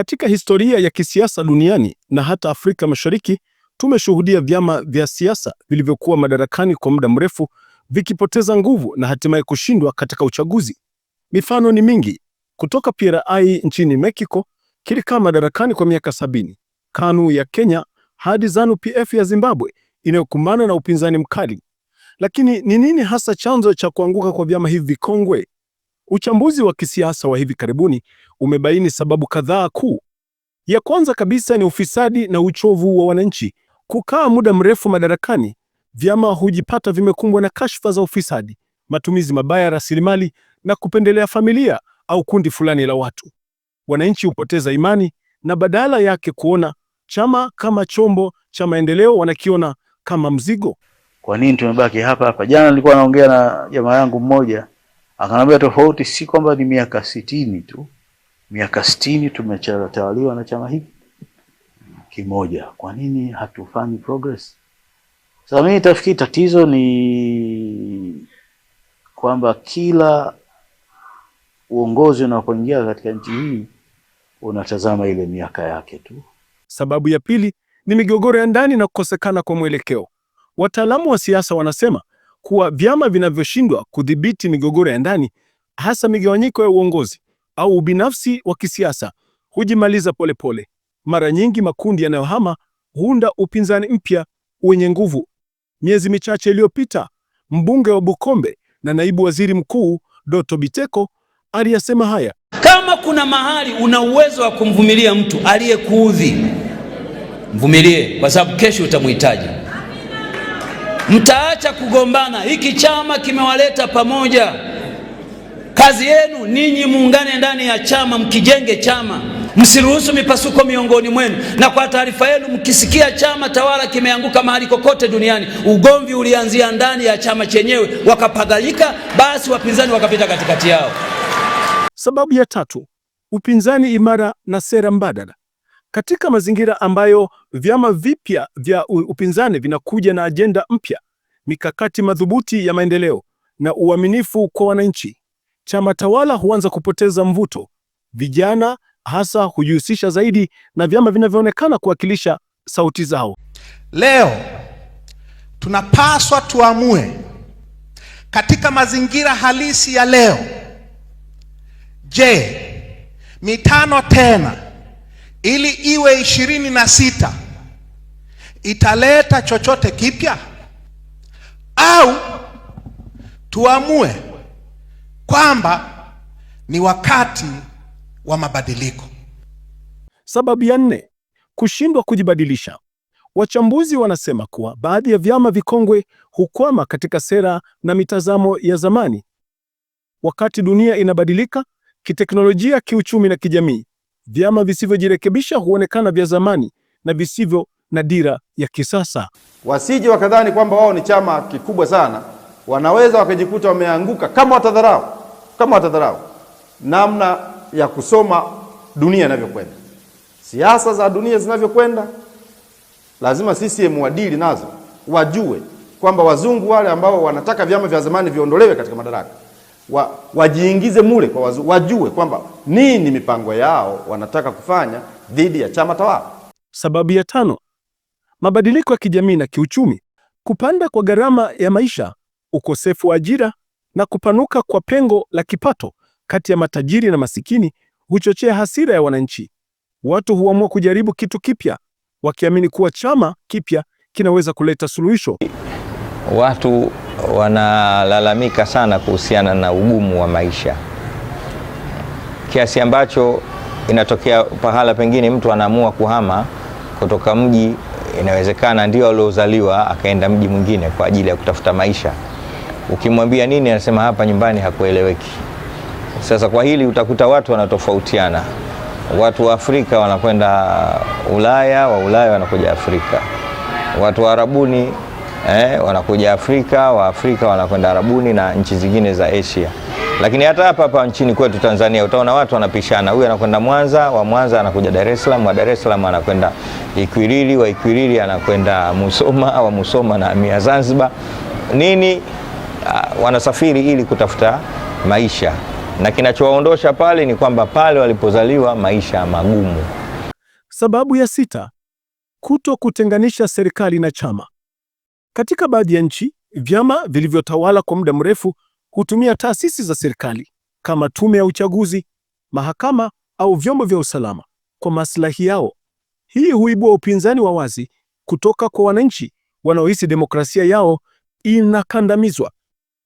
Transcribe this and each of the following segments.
Katika historia ya kisiasa duniani na hata Afrika Mashariki, tumeshuhudia vyama vya siasa vilivyokuwa madarakani kwa muda mrefu vikipoteza nguvu na hatimaye kushindwa katika uchaguzi. Mifano ni mingi, kutoka PRI nchini Mexico kilikaa madarakani kwa miaka sabini, KANU ya Kenya hadi ZANU-PF ya Zimbabwe inayokumbana na upinzani mkali. Lakini ni nini hasa chanzo cha kuanguka kwa vyama hivi vikongwe? Uchambuzi wa kisiasa wa hivi karibuni umebaini sababu kadhaa kuu. Ya kwanza kabisa ni ufisadi na uchovu wa wananchi. Kukaa muda mrefu madarakani, vyama hujipata vimekumbwa na kashfa za ufisadi, matumizi mabaya ya rasilimali na kupendelea familia au kundi fulani la watu. Wananchi hupoteza imani na badala yake kuona chama kama chombo cha maendeleo wanakiona kama mzigo. Kwa nini tumebaki hapa hapa? Jana nilikuwa naongea na jamaa yangu mmoja, akanambia tofauti si kwamba ni miaka sitini tu miaka sitini tumetawaliwa na chama hiki kimoja. Kwa nini hatufanyi progress? Sasa mimi tafikiri tatizo ni kwamba kila uongozi unapoingia katika nchi hii unatazama ile miaka yake tu. Sababu ya pili ni migogoro ya ndani na kukosekana kwa mwelekeo. Wataalamu wa siasa wanasema kuwa vyama vinavyoshindwa kudhibiti migogoro ya ndani, hasa migawanyiko ya uongozi, au ubinafsi wa kisiasa hujimaliza polepole pole. Mara nyingi makundi yanayohama huunda upinzani mpya wenye nguvu. Miezi michache iliyopita, mbunge wa Bukombe na naibu waziri mkuu Doto Biteko aliyasema haya: kama kuna mahali una uwezo wa kumvumilia mtu aliyekuudhi, mvumilie, kwa sababu kesho utamhitaji. Mtaacha kugombana, hiki chama kimewaleta pamoja. Kazi yenu ninyi muungane ndani ya chama, mkijenge chama, msiruhusu mipasuko miongoni mwenu. Na kwa taarifa yenu, mkisikia chama tawala kimeanguka mahali kokote duniani, ugomvi ulianzia ndani ya chama chenyewe, wakapagalika, basi wapinzani wakapita katikati yao. Sababu ya tatu, upinzani imara na sera mbadala. Katika mazingira ambayo vyama vipya vya upinzani vinakuja na ajenda mpya, mikakati madhubuti ya maendeleo na uaminifu kwa wananchi chama tawala huanza kupoteza mvuto. Vijana hasa hujihusisha zaidi na vyama vinavyoonekana kuwakilisha sauti zao. Leo tunapaswa tuamue katika mazingira halisi ya leo. Je, mitano tena ili iwe ishirini na sita italeta chochote kipya au tuamue kwamba ni wakati wa mabadiliko. Sababu ya nne, kushindwa kujibadilisha. Wachambuzi wanasema kuwa baadhi ya vyama vikongwe hukwama katika sera na mitazamo ya zamani. Wakati dunia inabadilika kiteknolojia, kiuchumi na kijamii, vyama visivyojirekebisha huonekana vya zamani na visivyo na dira ya kisasa. Wasije wakadhani kwamba wao ni chama kikubwa sana, wanaweza wakajikuta wameanguka kama watadharau kama watadharau namna ya kusoma dunia inavyokwenda, siasa za dunia zinavyokwenda, lazima CCM wadili nazo, wajue kwamba wazungu wale ambao wanataka vyama vya zamani viondolewe katika madaraka wa, wajiingize mule kwa wazungu, wajue kwamba nini mipango yao wanataka kufanya dhidi ya chama tawala. Sababu ya tano, mabadiliko ya kijamii na kiuchumi: kupanda kwa gharama ya maisha, ukosefu wa ajira na kupanuka kwa pengo la kipato kati ya matajiri na masikini huchochea hasira ya wananchi. Watu huamua kujaribu kitu kipya, wakiamini kuwa chama kipya kinaweza kuleta suluhisho. Watu wanalalamika sana kuhusiana na ugumu wa maisha kiasi ambacho inatokea pahala pengine mtu anaamua kuhama kutoka mji, inawezekana ndio aliozaliwa akaenda mji mwingine kwa ajili ya kutafuta maisha. Ukimwambia nini anasema hapa nyumbani hakueleweki. Sasa kwa hili utakuta watu wanatofautiana, watu wa Afrika wanakwenda Ulaya, wa Ulaya wanakuja Afrika, watu wa Arabuni eh, wanakuja Afrika, wa Afrika wanakwenda Arabuni na nchi zingine za Asia. Lakini hata hapa hapa nchini kwetu Tanzania utaona watu wanapishana, huyu anakwenda Mwanza, wa Mwanza anakuja Dar es Salaam, wa Dar es Salaam anakwenda Ikwiriri, wa Ikwiriri anakwenda Musoma, wa Musoma na mia Zanzibar nini Uh, wanasafiri ili kutafuta maisha, na kinachowaondosha pale ni kwamba pale walipozaliwa maisha magumu. Sababu ya sita, kuto kutenganisha serikali na chama. Katika baadhi ya nchi, vyama vilivyotawala kwa muda mrefu hutumia taasisi za serikali kama tume ya uchaguzi, mahakama au vyombo vya usalama kwa maslahi yao. Hii huibua upinzani wa wazi kutoka kwa wananchi wanaohisi demokrasia yao inakandamizwa.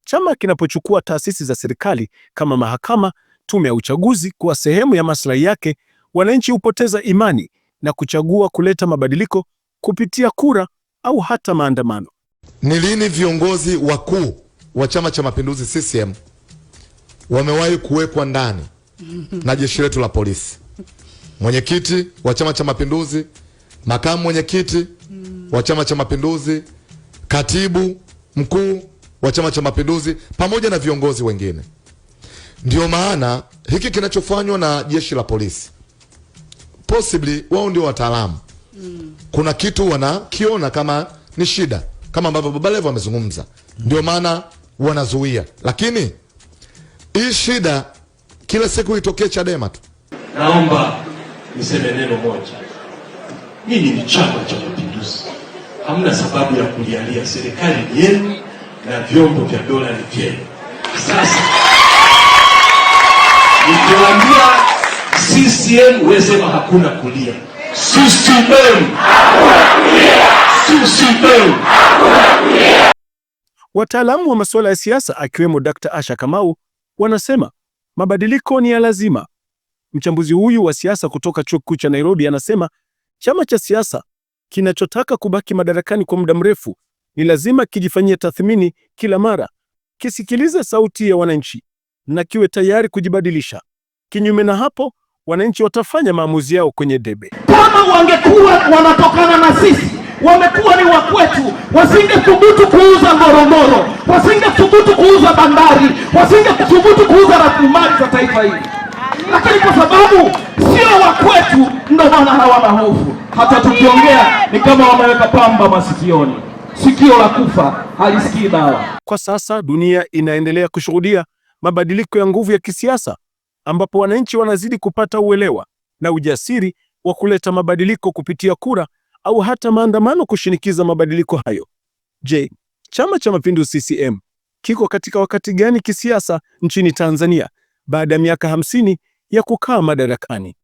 Chama kinapochukua taasisi za serikali kama mahakama, tume ya uchaguzi kuwa sehemu ya maslahi yake, wananchi hupoteza imani na kuchagua kuleta mabadiliko kupitia kura au hata maandamano. Ni lini viongozi wakuu wa Chama cha Mapinduzi CCM wamewahi kuwekwa ndani na jeshi letu la polisi? Mwenyekiti wa Chama cha Mapinduzi, makamu mwenyekiti wa Chama cha Mapinduzi, katibu mkuu wa Chama cha Mapinduzi pamoja na viongozi wengine. Ndio maana hiki kinachofanywa na jeshi la polisi, possibly wao ndio wataalamu mm. Kuna kitu wanakiona kama ni shida, kama ambavyo Baba Levo amezungumza, ndio maana wanazuia, lakini hii shida kila siku itokee Chadema tu. Naomba niseme neno moja, mimi ni Chama cha Mapinduzi, hamna sababu ya kulialia serikali yenu na vyombo vya dola ni vyenu. Sasa nikiwaambia CCM wesema hakuna kulia, wataalamu wa masuala ya siasa akiwemo Dr. Asha Kamau wanasema mabadiliko ni ya lazima. Mchambuzi huyu wa siasa kutoka Chuo Kikuu cha Nairobi anasema chama cha siasa kinachotaka kubaki madarakani kwa muda mrefu ni lazima kijifanyie tathmini kila mara, kisikilize sauti ya wananchi na kiwe tayari kujibadilisha. Kinyume na hapo, wananchi watafanya maamuzi yao kwenye debe. Kama wangekuwa wanatokana na sisi, wamekuwa ni wakwetu, wasingethubutu kuuza Ngorongoro, wasingethubutu kuuza bandari, wasingethubutu kuuza rasilimali za taifa hili, lakini kwa sababu sio wakwetu, ndio maana hawana hofu. Hata tukiongea ni kama wameweka pamba masikioni sikio la kufa halisikii dawa. Kwa sasa dunia inaendelea kushuhudia mabadiliko ya nguvu ya kisiasa, ambapo wananchi wanazidi kupata uelewa na ujasiri wa kuleta mabadiliko kupitia kura au hata maandamano kushinikiza mabadiliko hayo. Je, Chama cha Mapinduzi CCM kiko katika wakati gani kisiasa nchini Tanzania baada ya miaka hamsini ya kukaa madarakani?